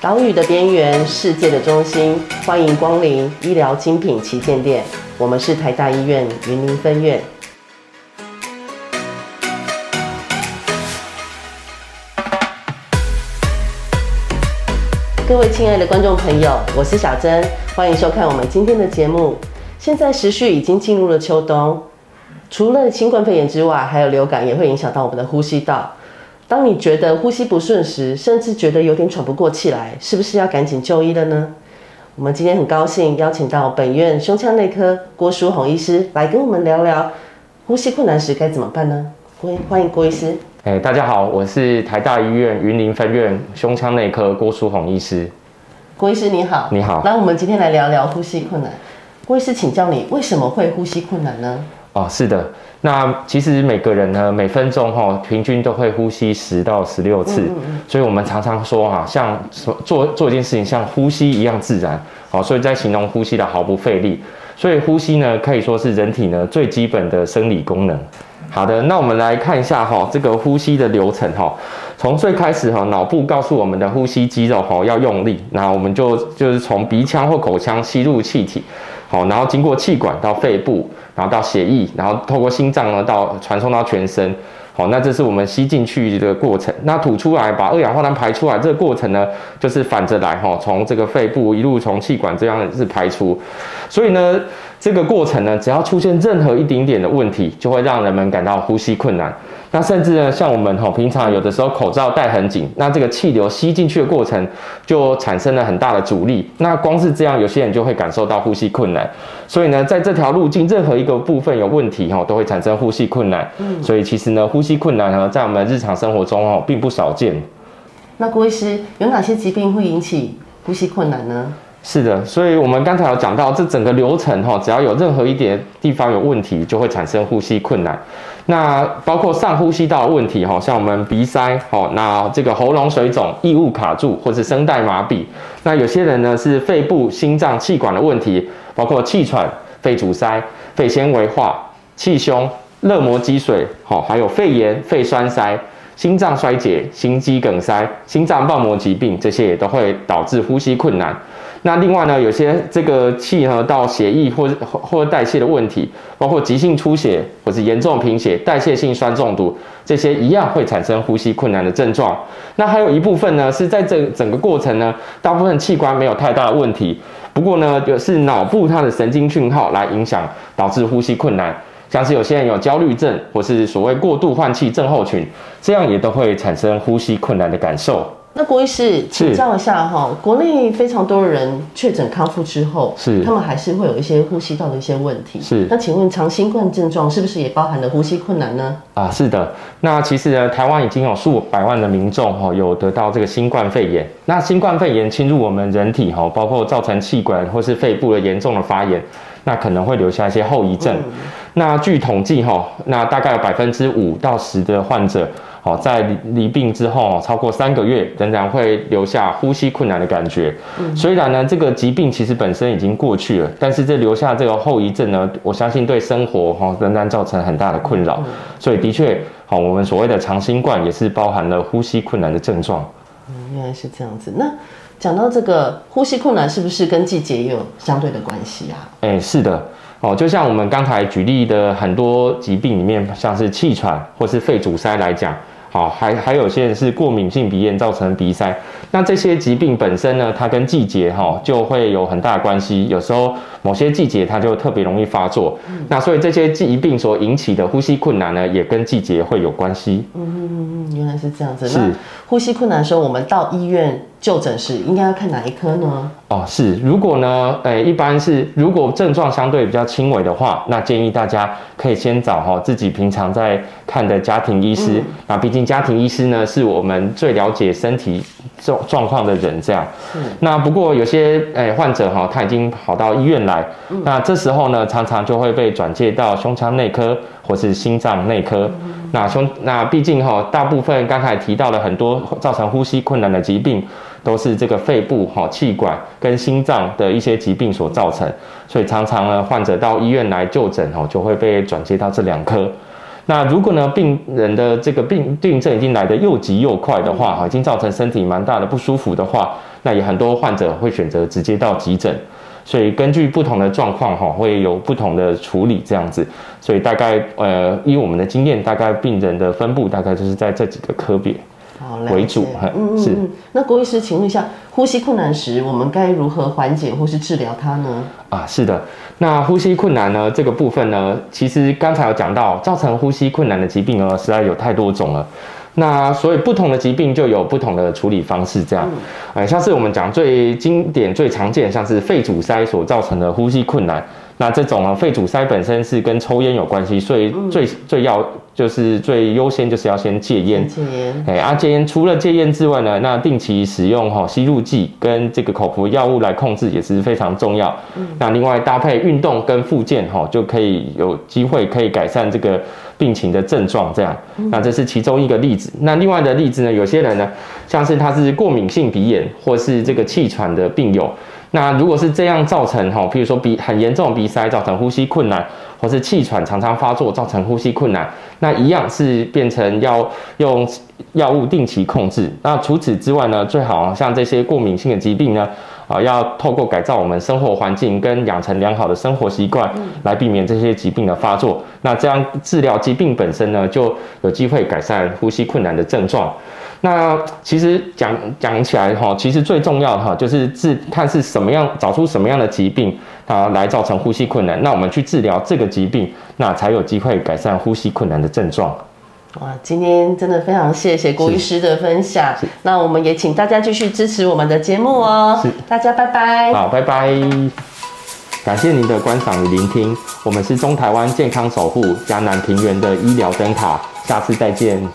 島嶼的邊緣，世界的中心，歡迎光臨醫療精品旗艦店。我們是台大醫院雲林分院。各位親愛的觀眾朋友，我是小珍，歡迎收看我們今天的節目。現在時序已經進入了秋冬，除了新冠肺炎之外，還有流感也會影響到我們的呼吸道。當你覺得呼吸不順時，甚至覺得有點喘不過氣來，是不是要趕緊就醫了呢？我們今天很高興邀請到本院胸腔內科郭書宏醫師來跟我們聊聊呼吸困難時該怎麼辦呢？歡迎郭醫師。欸，大家好，我是台大醫院雲林分院胸腔內科郭書宏醫師。郭醫師你好。你好。那我們今天來聊聊呼吸困難。郭醫師，請教你為什麼會呼吸困難呢？哦，是的，那其實每個人呢，每分鐘哈、哦、平均都會呼吸十到十六次，嗯嗯，所以我們常常說哈、啊，像做做做一件事情像呼吸一樣自然，好、哦，所以在形容呼吸的毫不費力。所以呼吸呢，可以說是人體呢最基本的生理功能，嗯。好的，那我們來看一下哈、哦、這個呼吸的流程哈、哦，從最開始哈、啊、腦部告訴我們的呼吸肌肉哈、哦、要用力，那我們就就是從鼻腔或口腔吸入氣體。好，然後經過氣管到肺部，然後到血液，然後透過心臟呢，到傳送到全身。好、哦，那這是我們吸進去的這個過程。那吐出來，把二氧化碳排出來這個過程呢，就是反着來。哈、哦，從這個肺部一路從氣管這樣子排出。所以呢，這個過程呢，只要出現任何一丁點、點的問題，就會讓人們感到呼吸困難。那甚至呢，像我們哈、哦，平常有的時候口罩戴很緊，那這個氣流吸進去的過程就產生了很大的阻力。那光是這樣，有些人就會感受到呼吸困難。所以呢，在這條路徑任何一個部分有問題，哈，都會產生呼吸困難。嗯，所以其實呢，呼吸困難呢，在我們日常生活中，並不少見。那郭醫師，有哪些疾病會引起呼吸困難呢？是的，所以我們剛才有講到，這整個流程，哈，只要有任何一點地方有問題，就會產生呼吸困難。那包括上呼吸道的問題，哈，像我們鼻塞，那這個喉嚨水腫、異物卡住，或是聲帶麻痹。那有些人呢是肺部、心臟、氣管的問題，包括氣喘、肺阻塞、肺纖維化、氣胸、肋膜積水，好、哦，還有肺炎、肺栓塞、心臟衰竭、心肌梗塞、心臟瓣膜疾病，這些也都會導致呼吸困難。那另外呢，有些這個氣呢到血液或或代謝的問題，包括急性出血或是嚴重貧血、代謝性酸中毒，這些一樣會產生呼吸困難的症狀。那還有一部分呢是在這整，整個過程呢，大部分器官沒有太大的問題，不過呢就是腦部它的神經訊號來影響，導致呼吸困難。像是有些人有焦慮症，或是所謂過度換氣症候群，這樣也都會產生呼吸困難的感受。那郭醫師，請教一下哈、喔，國內非常多的人確診康復之後，是他們還是會有一些呼吸道的一些問題，是那請問長新冠症狀是不是也包含了呼吸困難呢？啊，是的，那其實呢，台灣已經有數百萬的民眾哈，有得到這個新冠肺炎，那新冠肺炎侵入我們人體哈，包括造成氣管或是肺部的嚴重的發炎。那可能會留下一些後遺症，嗯。那據統計哈，那大概有百分之五到十的患者，哦，在罹病之後超過三個月仍然會留下呼吸困難的感覺，嗯。雖然呢，這個疾病其實本身已經過去了，但是這留下這個後遺症呢，我相信對生活仍然造成很大的困擾，嗯。所以的確，我們所謂的長新冠也是包含了呼吸困難的症狀。嗯，原來是這樣子。那。講到這個呼吸困難，是不是跟季節也有相對的關係啊？哎、欸，是的，哦，就像我們剛才舉例的很多疾病裡面，像是氣喘或是肺阻塞來講。好、哦，還還有些人是過敏性鼻炎造成鼻塞，那這些疾病本身呢，它跟季節哈、哦、就會有很大的關係，有時候某些季節它就特別容易發作、嗯。那所以這些疾病所引起的呼吸困難呢，也跟季節會有關係。嗯嗯嗯，嗯原來是這樣子。是，那呼吸困難的時候，我們到醫院就診時應該要看哪一科呢？哦，是，如果呢，哎、欸，一般是如果症狀相對比較輕微的話，那建議大家可以先找哈、哦、自己平常在看的家庭醫師，嗯、那畢竟。家庭醫師呢，是我們最了解身體狀狀況的人。這樣，那不過有些誒、欸、患者哈，他已經跑到醫院來，那這時候呢，常常就會被轉介到胸腔內科或是心臟內科。那胸那畢竟哈，大部分剛才提到了很多造成呼吸困難的疾病，都是這個肺部哈氣管跟心臟的一些疾病所造成，所以常常呢，患者到醫院來就診哈，就會被轉介到這兩科。那如果呢，病人的這個病病症已經來得又急又快的話，哈，已經造成身體蠻大的不舒服的話，那也很多患者會選擇直接到急診，所以根據不同的狀況，哈，會有不同的處理這樣子。所以大概呃，依我們的經驗，大概病人的分布大概就是在這幾個科別。好為主，嗯，是嗯，那郭醫師，請問一下，呼吸困難時我們該如何緩解或是治療它呢？啊，是的，那呼吸困難呢這個部分呢，其實剛才有講到，造成呼吸困難的疾病呢，實在有太多種了。那所以不同的疾病就有不同的處理方式。這樣，嗯，哎，像是我們講最經典、最常見，像是肺阻塞所造成的呼吸困難。那這種啊，肺阻塞本身是跟抽煙有關係，所以最最要就是最優先就是要先戒煙。嗯，哎，啊，戒煙。戒煙除了戒煙之外呢，那定期使用，哦，吸入劑跟這個口服藥物來控制也是非常重要。嗯。那另外搭配運動跟復健，哦，就可以有機會可以改善這個病情的症狀，這樣，嗯。那這是其中一個例子。那另外的例子呢，有些人呢，像是他是過敏性鼻炎或是這個氣喘的病友。那如果是這樣造成哈，比如說鼻很嚴重的鼻塞，造成呼吸困難，或是氣喘常常發作，造成呼吸困難，那一樣是變成要用藥物定期控制。那除此之外呢，最好像這些過敏性的疾病呢。啊，要透過改造我們生活環境跟養成良好的生活習慣，來避免這些疾病的發作。那這樣治療疾病本身呢，就有機會改善呼吸困難的症狀。那其實講講起來哈，其實最重要的哈，就是治，看是什麼樣，找出什麼樣的疾病啊，來造成呼吸困難。那我們去治療這個疾病，那才有機會改善呼吸困難的症狀。哇，今天真的非常謝謝郭醫師的分享。是，那我們也請大家繼續支持我們的節目哦、喔。是，大家拜拜。好，拜拜。感謝您的觀賞與聆聽。我們是中台灣健康守護，嘉南平原的醫療燈塔。下次再見。